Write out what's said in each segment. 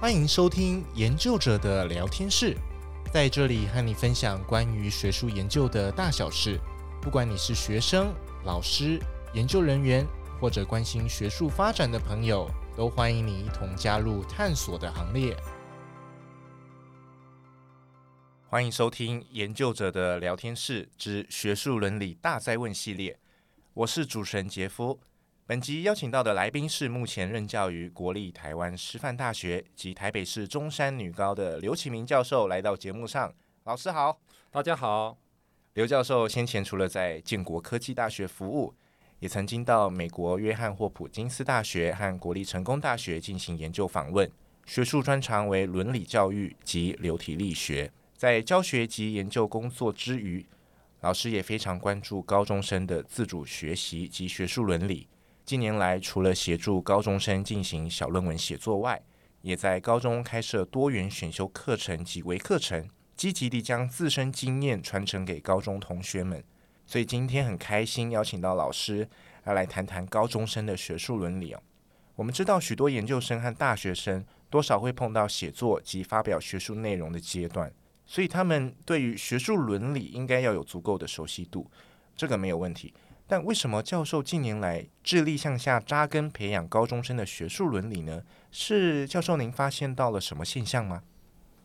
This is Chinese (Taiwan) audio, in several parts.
歡迎收聽研究者的聊天室，在這裡和你分享關於學術研究的大小事。不管你是學生、老師、研究人員，或者關心學術發展的朋友，都歡迎你一同加入探索的行列。歡迎收聽研究者的聊天室之學術倫理大哉問系列，我是主持人傑夫。本集邀請到的來賓是目前任教於國立台灣師範大學及台北市中山女高的劉啟民教授，來到節目上。老師好，大家好。劉教授先前除了在建國科技大學服務，也曾經到美國約翰霍普金斯大學和國立成功大學進行研究訪問。學術專長為倫理教育及流體力學。在教學及研究工作之餘，老師也非常關注高中生的自主學習及學術倫理。近年來，除了協助高中生進行小論文寫作外，也在高中開設多元選修課程及微課程，積極地將自身經驗傳承給高中同學們。所以今天很開心邀請到老師要來，來談談高中生的學術倫理哦。我們知道許多研究生和大學生多少會碰到寫作及發表學術內容的階段，所以他們對於學術倫理應該要有足夠的熟悉度，這個沒有問題。但為什麼教授近年來致力向下扎根培養高中生的學術倫理呢？是教授您發現到了什麼現象嗎？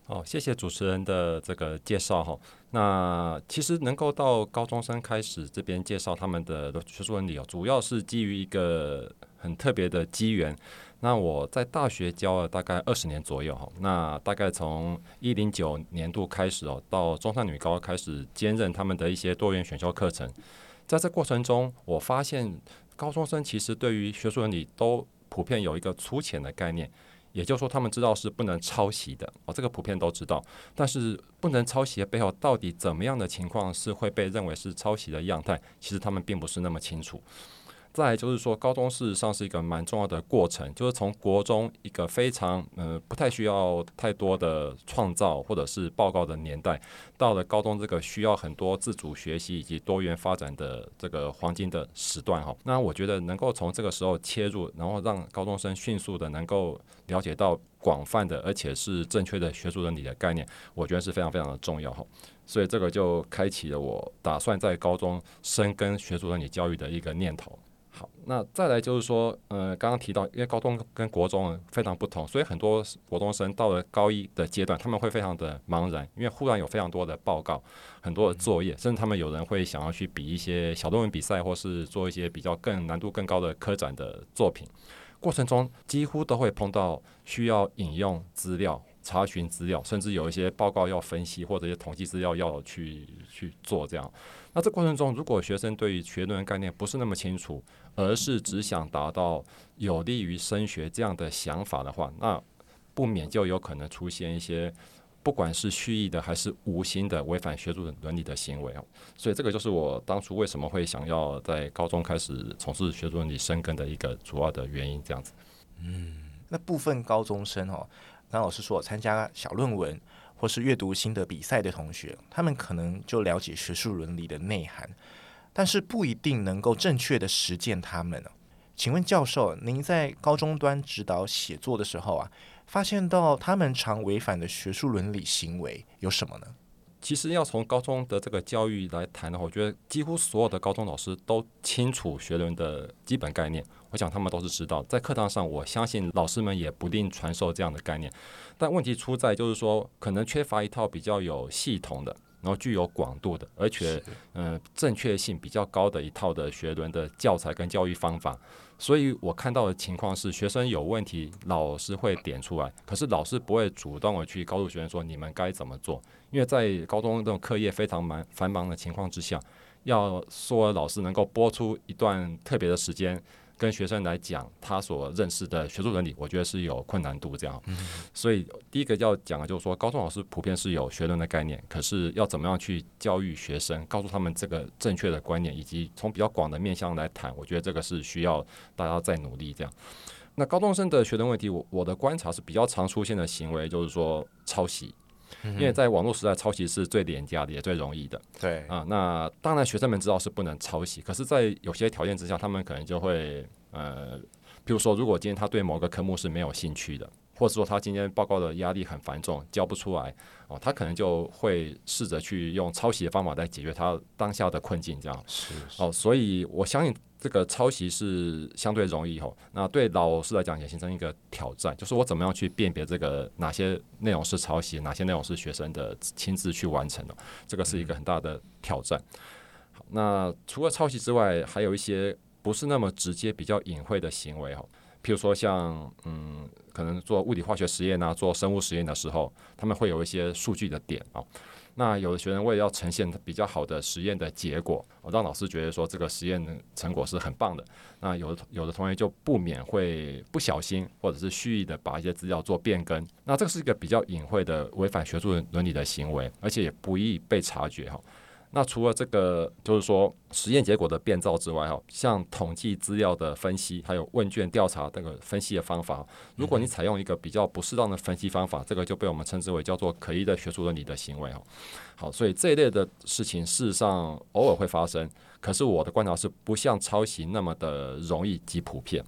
哦，謝謝主持人的這個介紹哈、哦。那其實能夠到高中生開始這邊介紹他們的學術倫理、哦，主要是基於一個很特別的機緣。那我在大學教了大概二十年左右哈，那大概從一零九年度開始哦，到中山女高開始兼任他們的一些多元選修課程。在這過程中，我發現高中生其實對於學術倫理都普遍有一個粗淺的概念，也就是說，他們知道是不能抄襲的，哦，這個普遍都知道。但是，不能抄襲的背後，到底怎麼樣的情況是會被認為是抄襲的樣態？其實他們並不是那麼清楚。再就是說，高中事實上是一個蠻重要的過程，就是從國中一個非常嗯、呃、不太需要太多的創造或者是報告的年代，到了高中這個需要很多自主學習以及多元發展的這個黃金的時段哈。那我覺得能夠從這個時候切入，然後讓高中生迅速的能夠了解到廣泛的而且是正確的學術倫理的概念，我覺得是非常非常的重要哈。所以這個就開啟了我打算在高中深耕學術倫理教育的一個念頭。那再來就是說，呃，剛剛提到，因為高中跟國中非常不同，所以很多國中生到了高一的階段，他們會非常的茫然，因為忽然有非常多的報告、很多的作業，嗯、甚至他們有人會想要去比一些小論文比賽，或是做一些比較更難度更高的科展的作品，過程中幾乎都會碰到需要引用資料。查詢資料，甚至有一些報告要分析，或者一些統計資料要去去做這樣。那這過程中，如果學生對於學論概念不是那麼清楚，而是只想達到有利於升學這樣的想法的話，那不免就有可能出現一些不管是蓄意的還是無心的違反學術倫理的行為。所以，這個就是我當初為什麼會想要在高中開始從事學術倫理深耕的一個主要的原因。這樣子，嗯，那部分高中生哦。剛老師說：“參加小論文或是閱讀心得比賽的同學，他們可能就了解學術倫理的內涵，但是不一定能夠正確的實踐他們。”請問教授，您在高中端指導寫作的時候啊，發現到他們常違反的學術倫理行為有什麼呢？其實要從高中的這個教育來談的話，我覺得幾乎所有的高中老師都清楚學倫的基本概念。我想他們都是知道，在課堂上，我相信老師們也不一定傳授這樣的概念。但問題出在就是說，可能缺乏一套比較有系統的。然後具有廣度的，而且嗯、呃、正確性比較高的一套的學倫的教材跟教育方法，所以我看到的情況是，學生有問題，老師會點出來，可是老師不會主動的去告訴學生說，你們該怎麼做，因為在高中這種課業非常忙繁忙的情況之下，要說老師能夠撥出一段特別的時間，跟學生來講，他所認識的學術倫理，我覺得是有困難度這樣。所以第一個要講的就是說，高中老師普遍是有學倫的概念，可是要怎麼樣去教育學生，告訴他們這個正確的觀念，以及從比較廣的面向來談，我覺得這個是需要大家再努力這樣。那高中生的學倫問題，我我的觀察是比較常出現的行為，就是說抄襲。因為在網絡時代，抄襲是最廉價的，也最容易的。對啊，那當然學生們知道是不能抄襲，可是，在有些條件之下，他們可能就會呃，譬如說，如果今天他對某個科目是沒有興趣的。或者說他今天報告的壓力很繁重，交不出來哦，他可能就會試着去用抄襲的方法來解決他當下的困境，這樣。是、是。哦，所以我相信這個抄襲是相對容易哦。那對老師來講也形成一個挑戰，就是我怎麼樣去辨別這個哪些內容是抄襲，哪些內容是學生的親自去完成的哦，這個是一個很大的挑戰。嗯。好，那除了抄襲之外，還有一些不是那麼直接、比較隱晦的行為哦。譬如說像，像嗯，可能做物理化學實驗呢、啊，做生物實驗的時候，他們會有一些數據的點啊。那有的學生為了要呈現比較好的實驗的結果，讓老師覺得說這個實驗的成果是很棒的，那有的有的同學就不免會不小心，或者是蓄意的把一些資料做變更。那這是一個比較隱晦的違反學術倫理的行為，而且也不易被察覺哈、啊。那除了這個，就是說實驗結果的變造之外，哈，像統計資料的分析，還有問卷調查這個分析的方法，如果你採用一個比較不適當的分析方法，這個就被我們稱之為叫做可疑的學術倫理的行為，哈。好，所以這一類的事情事實上偶爾會發生，可是我的觀察是不像抄襲那麼的容易及普遍。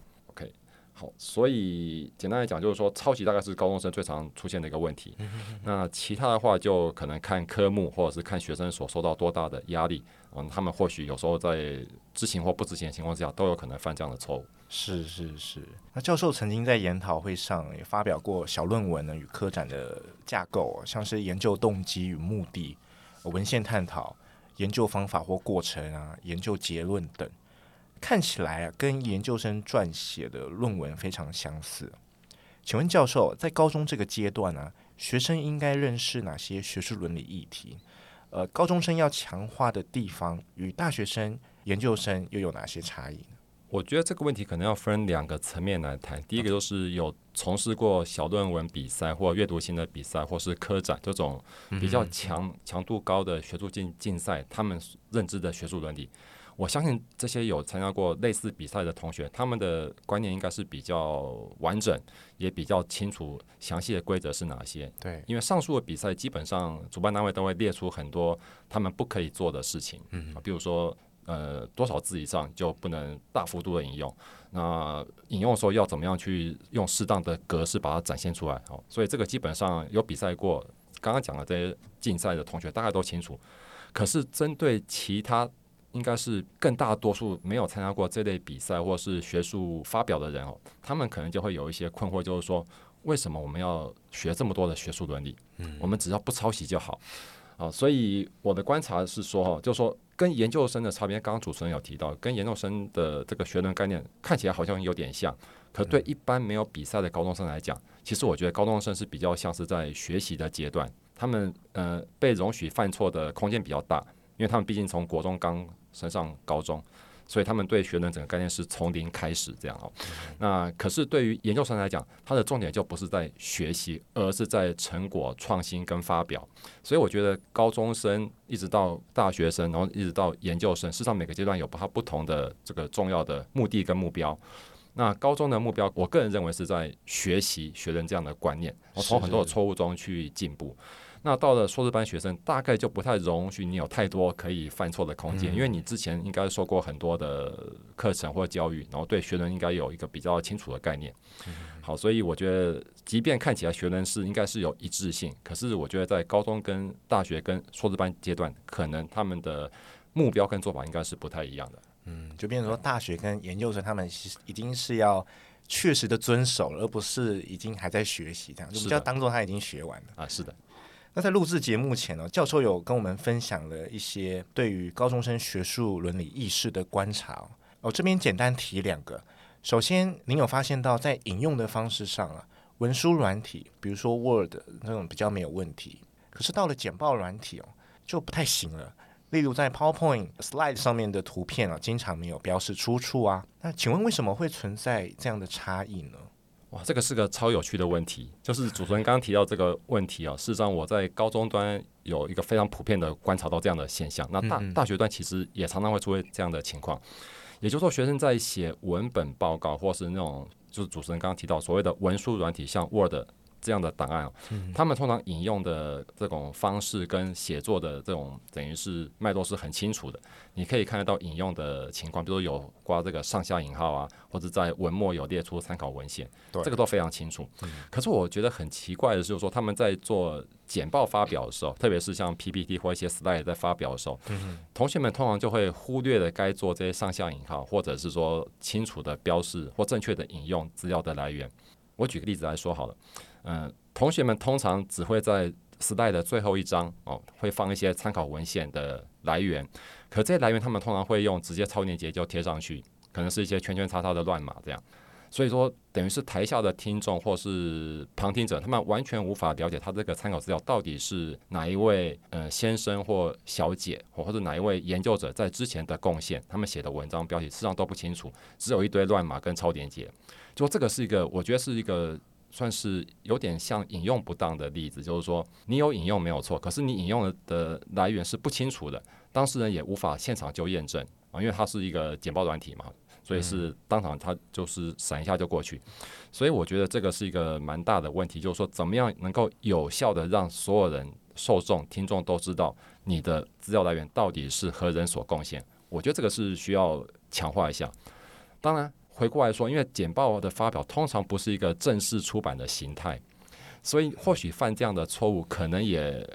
好，所以簡單來講，就是說抄襲大概是高中生最常出現的一個問題。那其他的話，就可能看科目或者是看學生所受到多大的壓力。嗯，他們或許有時候在知情或不知情的情況下，都有可能犯這樣的錯誤。是是是。那教授曾經在研討會上也發表過小論文呢，與科展的架構，像是研究動機與目的、文獻探討、研究方法或過程啊、研究結論等。看起來啊，跟研究生撰寫的論文非常相似。請問教授，在高中這個階段呢、啊，學生應該認識哪些學術倫理議題？呃，高中生要強化的地方與大學生、研究生又有哪些差異呢？我覺得這個問題可能要分兩個層面來談。第一個就是有從事過小論文比賽或閱讀型的比賽，或是科展這種比較強嗯嗯強度高的學術競競賽，他們認知的學術倫理。我相信，這些有參加過類似比賽的同學，他們的觀念應該是比較完整，也比較清楚詳細的規則是哪些。對，因為上述的比賽基本上主辦單位都會列出很多他們不可以做的事情，嗯哼，比如說呃多少字以上就不能大幅度的引用，那引用的時候要怎麼樣去用適當的格式把它展現出來？哦，所以這個基本上有比賽過剛剛講的這些競賽的同學大概都清楚，可是針對其他。應該是更大多數沒有參加過這類比賽或是學術發表的人哦，他們可能就會有一些困惑，就是說為什麼我們要學這麼多的學術倫理？嗯，我們只要不抄襲就好啊。所以我的觀察是說，就是說跟研究生的差別，剛剛主持人有提到，跟研究生的這個學倫概念看起來好像有點像，可對一般沒有比賽的高中生來講，其實我覺得高中生是比較像是在學習的階段，他們呃被容許犯錯的空間比較大。因為他們畢竟從國中剛升上高中，所以他們對學倫整個概念是從零開始這樣哦。那可是對於研究生來講，他的重點就不是在學習，而是在成果創新跟發表。所以我覺得高中生一直到大學生，然後一直到研究生，事實上每個階段有不他不同的這個重要的目的跟目標。那高中的目標，我個人認為是在學習學倫這樣的觀念，我從很多的錯誤中去進步。是是。那到了碩士班學生，大概就不太容許你有太多可以犯錯的空間，嗯、因為你之前應該受過很多的課程或教育，然後對學人應該有一個比較清楚的概念。嗯、好，所以我覺得，即便看起來學人是應該是有一致性，可是我覺得在高中、跟大學、跟碩士班階段，可能他們的目標跟做法應該是不太一樣的。嗯，就變成說，大學跟研究生他們已經是要確實的遵守而不是已經還在學習這樣，就比較當做他已經學完了、嗯、啊。是的。那在錄製節目前呢，教授有跟我們分享了一些對於高中生學術倫理意識的觀察。哦，這邊簡單提兩個。首先，您有發現到在引用的方式上啊，文書軟體，比如說 Word 那種比較沒有問題，可是到了簡報軟體哦，就不太行了。例如在 PowerPoint slide 上面的圖片啊，經常沒有標示出處啊。那請問為什麼會存在這樣的差異呢？哦，這個是個超有趣的問題，就是主持人剛剛提到這個問題啊，事實上我在高中端有一個非常普遍的觀察到這樣的現象，那大大學段其實也常常會出現這樣的情況，也就是說學生在寫文本報告或是那種就是主持人剛剛提到所謂的文書軟體像 Word。這樣的檔案啊，他們通常引用的這種方式跟寫作的這種等於是脈絡是很清楚的，你可以看得到引用的情況，比如有掛這個上下引號啊，或者在文末有列出參考文獻，對這個都非常清楚。對可是我覺得很奇怪的是，就是說，說他們在做簡報發表的時候，特別是像 PPT 或一些 slide 在發表的時候，同學們通常就會忽略了該做這些上下引號，或者是說清楚的標示或正確的引用資料的來源。我舉個例子來說好了。嗯，同學們通常只會在 slide 的最後一章哦，會放一些參考文獻的來源。可這些來源，他們通常會用直接超鏈接就貼上去，可能是一些圈圈叉叉叉的亂碼這樣。所以說，等於是台下的聽眾或是旁聽者，他們完全無法了解他這個參考資料到底是哪一位呃先生或小姐，或或者哪一位研究者在之前的貢獻，他們寫的文章標題實際上都不清楚，只有一堆亂碼跟超鏈接。就這個是一個，我覺得是一個。算是有點像引用不當的例子，就是說你有引用沒有錯，可是你引用的來源是不清楚的，當事人也無法現場就驗證啊，因為它是一個簡報軟體嘛，所以是當場它就是閃一下就過去。所以我覺得這個是一個蠻大的問題，就是說怎麼樣能夠有效的讓所有人、受眾、聽眾都知道你的資料來源到底是何人所貢獻？我覺得這個是需要強化一下。當然。回過來說，因為簡報的發表通常不是一個正式出版的形態，所以或許犯這樣的錯誤可能也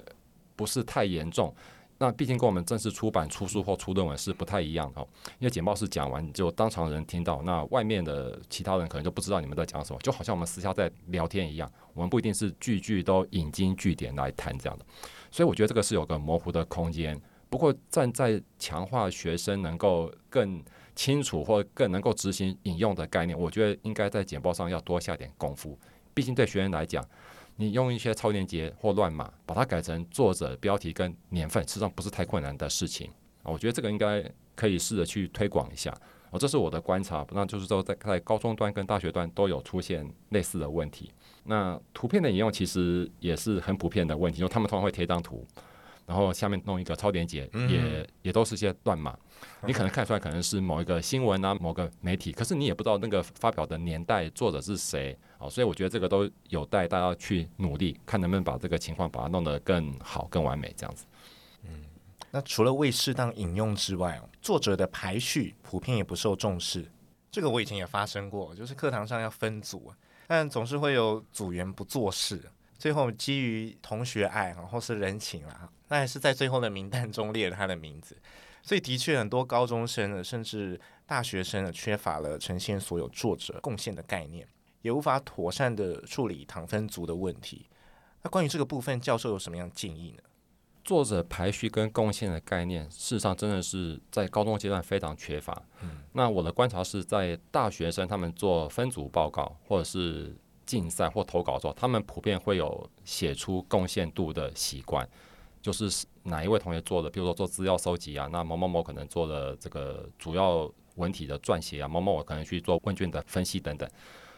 不是太嚴重。那畢竟跟我們正式出版出書或出論文是不太一樣的哦，因為簡報是講完就當場人聽到，那外面的其他人可能就不知道你們在講什麼，就好像我們私下在聊天一樣，我們不一定是句句都引經據典來談這樣的。所以我覺得這個是有個模糊的空間。不過站在強化學生能夠更清楚或更能夠執行引用的概念，我覺得應該在簡報上要多下點功夫。畢竟對學員來講，你用一些超鏈接或亂碼，把它改成作者、標題跟年份，實際上不是太困難的事情。我覺得這個應該可以試着去推廣一下。哦，這是我的觀察，那就是說在在高中端跟大學端都有出現類似的問題。那圖片的引用其實也是很普遍的問題，因為他們通常會貼一張圖，然後下面弄一個超鏈接，也也都是些亂碼。你可能看出來，可能是某一個新聞啊，某個媒體，可是你也不知道那個發表的年代、作者是誰啊，所以我覺得這個都有待大家去努力，看能不能把這個情況把它弄得更好、更完美，這樣子。嗯，那除了未適當引用之外，作者的排序普遍也不受重視。這個我以前也發生過，就是課堂上要分組，但總是會有組員不做事，最後基於同學愛，然後是人情啦，那還是在最後的名單中列了他的名字。所以，的確，很多高中生呢，甚至大學生呢，缺乏了呈現所有作者貢獻的概念，也無法妥善的處理糖分組的問題。那關於這個部分，教授有什麼樣的建議呢？作者排序跟貢獻的概念，事實上真的是在高中階段非常缺乏。嗯，那我的觀察是在大學生他們做分組報告，或者是競賽或投稿的時候，他們普遍會有寫出貢獻度的習慣。就是哪一位同學做的，比如說做資料收集啊，那某某某可能做了這個主要文體的撰寫啊，某某某可能去做問卷的分析等等。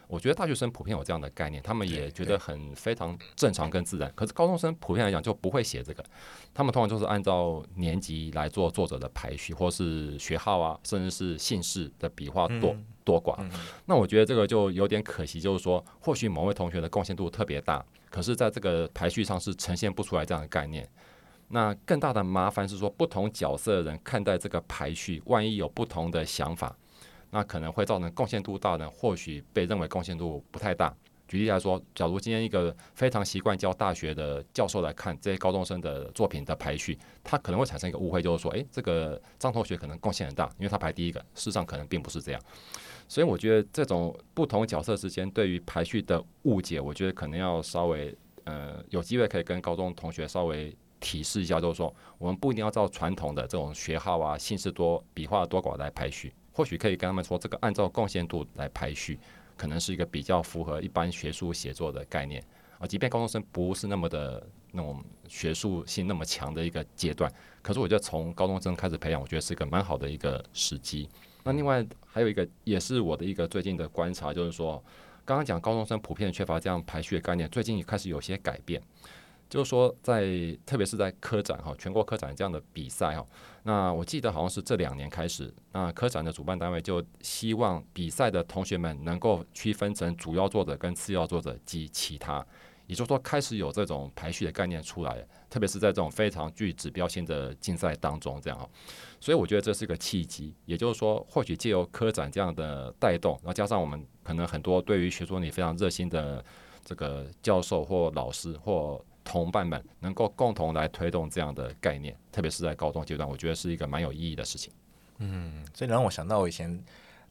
我覺得大學生普遍有這樣的概念，他們也覺得很非常正常跟自然。可是高中生普遍來講就不會寫這個，他們通常就是按照年級來做作者的排序，或是學號啊，甚至是姓氏的筆畫多多寡。嗯嗯。那我覺得這個就有點可惜，就是說或許某位同學的貢獻度特別大，可是在這個排序上是呈現不出來這樣的概念。那更大的麻煩是說，不同角色的人看待這個排序，萬一有不同的想法，那可能會造成貢獻度大的人，或許被認為貢獻度不太大。舉例來說，假如今天一個非常習慣教大學的教授來看這些高中生的作品的排序，他可能會產生一個誤會，就是說，誒，這個張同學可能貢獻很大，因為他排第一個。事實上可能並不是這樣。所以我覺得這種不同角色之間對於排序的誤解，我覺得可能要稍微呃，有機會可以跟高中同學稍微。提示一下，就是說，我們不一定要照傳統的這種學號啊、姓氏多、筆畫多寡來排序，或許可以跟他們說，這個按照貢獻度來排序，可能是一個比較符合一般學術寫作的概念。啊，即便高中生不是那麼的那種學術性那麼強的一個階段，可是我覺得從高中生開始培養，我覺得是一個蠻好的一個時機。那另外還有一個，也是我的一個最近的觀察，就是說，剛剛講高中生普遍缺乏這樣排序的概念，最近也開始有些改變。就是說在，在特別是在科展哈，全國科展這樣的比賽哈，那我記得好像是這兩年開始，那科展的主辦單位就希望比賽的同學們能夠區分成主要作者跟次要作者及其他，也就是說開始有這種排序的概念出來，特別是在這種非常具指標性的競賽當中這樣哈，所以我覺得這是一個契機，也就是說或許借由科展這樣的帶動，然後加上我們可能很多對於學術倫理非常熱心的這個教授或老師或。同伴們能夠共同來推動這樣的概念，特別是在高中階段，我覺得是一個蠻有意義的事情。嗯，所以讓我想到我以前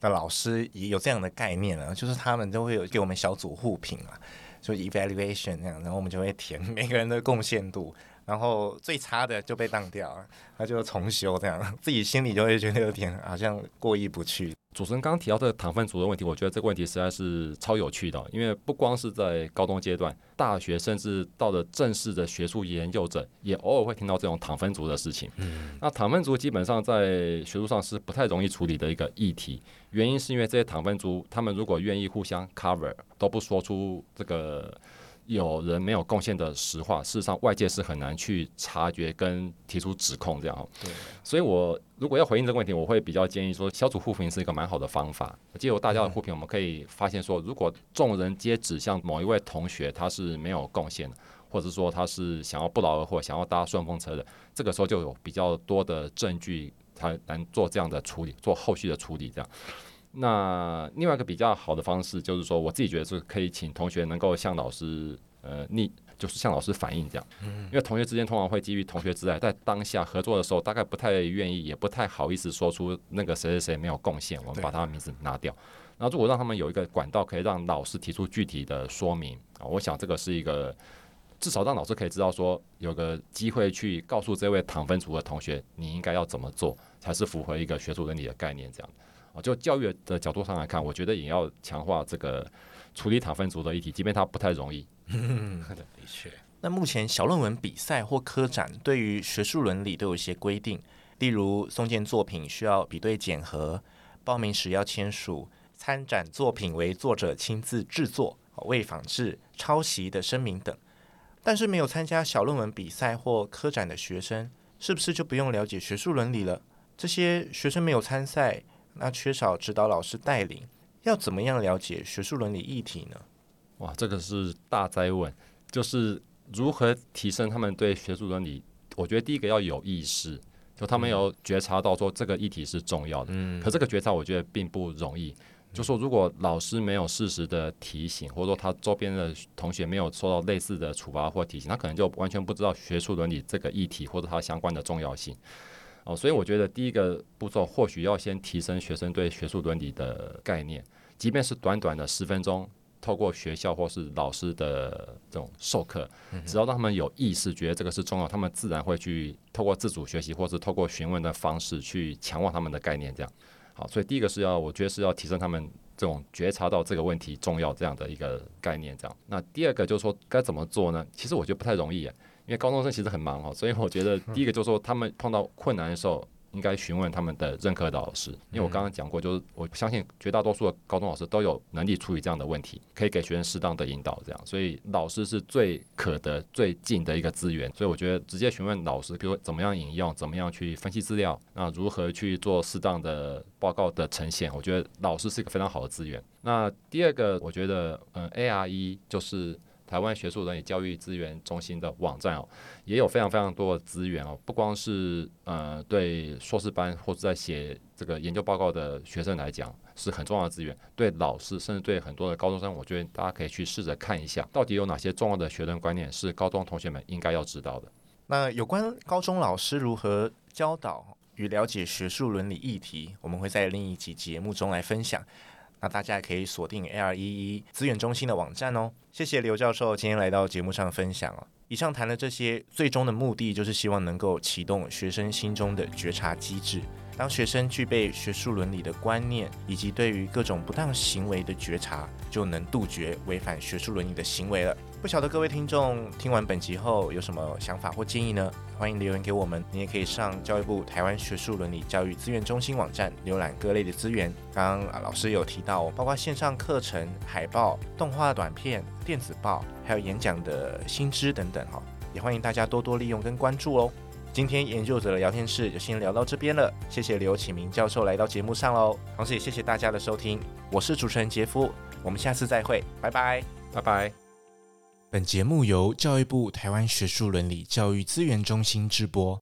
的老師也有這樣的概念啊，就是他們都會有給我們小組互評嘛，啊，就 evaluation 這樣，然後我們就會填每個人的貢獻度。然後最差的就被當掉了，他就重修，這樣自己心裡就會覺得有點好像過意不去。主持人剛提到這個躺分族的問題，我覺得這個問題實在是超有趣的，因為不光是在高中階段，大學甚至到了正式的學術研究者，也偶爾會聽到這種躺分族的事情。嗯，那躺分族基本上在學術上是不太容易處理的一個議題，原因是因為這些躺分族，他們如果願意互相 cover，都不說出這個。有人沒有貢獻的實話，事實上外界是很難去察覺跟提出指控這樣。對，所以我如果要回應這個問題，我會比較建議說，小組互評是一個蠻好的方法。藉由大家的互評，我們可以發現說，如果眾人皆指向某一位同學他是沒有貢獻的，或者說他是想要不勞而獲、想要搭順風車的，這個時候就有比較多的證據，才能做這樣的處理，做後續的處理這樣。那另外一個比較好的方式，就是說，我自己覺得是可以請同學能夠向老師，呃，逆，就是向老師反映這樣，因為同學之間通常會基於同學之愛，在當下合作的時候，大概不太願意，也不太好意思說出那個誰誰誰沒有貢獻，我們把他的名字拿掉。然後，如果讓他們有一個管道，可以讓老師提出具體的說明啊，我想這個是一個，至少讓老師可以知道說，有個機會去告訴這位糖分組的同學，你應該要怎麼做，才是符合一個學術倫理的概念這樣。哦，就教育的角度上來看，我覺得也要強化這個處理塔分組的議題，即便它不太容易。嗯、的確，那目前小論文比賽或科展對於學術倫理都有一些規定，例如送件作品需要比對檢核，報名時要簽署參展作品為作者親自製作、未仿製、抄襲的聲明等。但是，沒有參加小論文比賽或科展的學生，是不是就不用了解學術倫理了？這些學生沒有參賽。那缺少指導老師帶領，要怎麼樣了解學術倫理議題呢？哇，這個是大哉問，就是如何提升他們對學術倫理？我覺得第一個要有意識，就他們有覺察到說這個議題是重要的。嗯、可這個覺察我覺得並不容易，嗯、就說如果老師沒有適時的提醒，或者說他周邊的同學沒有受到類似的處罰或提醒，他可能就完全不知道學術倫理這個議題或者他相關的重要性。哦，所以我覺得第一個步驟或許要先提升學生對學術倫理的概念，即便是短短的十分鐘，透過學校或是老師的這種授課，只要讓他們有意識覺得這個是重要，他們自然會去透過自主學習或是透過詢問的方式去強化他們的概念。這樣，好，所以第一個是要，我覺得是要提升他們這種覺察到這個問題重要這樣的一個概念。這樣，那第二個就是說該怎麼做呢？其實我覺得不太容易。因為高中生其實很忙哈、哦，所以我覺得第一個就是說，他們碰到困難的時候，嗯、應該詢問他們的任課老師。因為我剛剛講過，就是我相信絕大多數的高中老師都有能力處理這樣的問題，可以給學生適當的引導。這樣，所以老師是最可得、最近的一個資源。所以我覺得直接詢問老師，比如怎麼樣引用，怎麼樣去分析資料，那如何去做適當的報告的呈現，我覺得老師是一個非常好的資源。那第二個，我覺得，嗯，AREE 就是。台灣學術倫理教育資源中心的網站哦，也有非常非常多的資源哦，不光是呃對碩士班或者在寫這個研究報告的學生來講是很重要的資源，對老師甚至對很多的高中生，我覺得大家可以去試着看一下，到底有哪些重要的學生觀念是高中同學們應該要知道的。那有關高中老師如何教導與了解學術倫理議題，我們會在另一集節目中來分享。那大家也可以鎖定 AREE 資源中心的網站哦。謝謝劉教授今天來到節目上分享哦。以上談的這些，最終的目的就是希望能夠啟動學生心中的覺察機制。當學生具備學術倫理的觀念，以及對於各種不當行為的覺察，就能杜絕違反學術倫理的行為了。不曉得各位聽眾聽完本集後有什麼想法或建議呢？歡迎留言給我們。你也可以上教育部台灣學術倫理教育資源中心網站瀏覽各類的資源。剛剛老師有提到，包括線上課程、海報、動畫短片、電子報，還有演講的新知等等哈，也歡迎大家多多利用跟關注哦。今天研究者的聊天室就先聊到這邊了，謝謝劉啟民教授來到節目上嘍，同時也謝謝大家的收聽。我是主持人傑夫，我們下次再會，拜拜，拜拜。本節目由教育部臺灣學術倫理教育資源中心製播。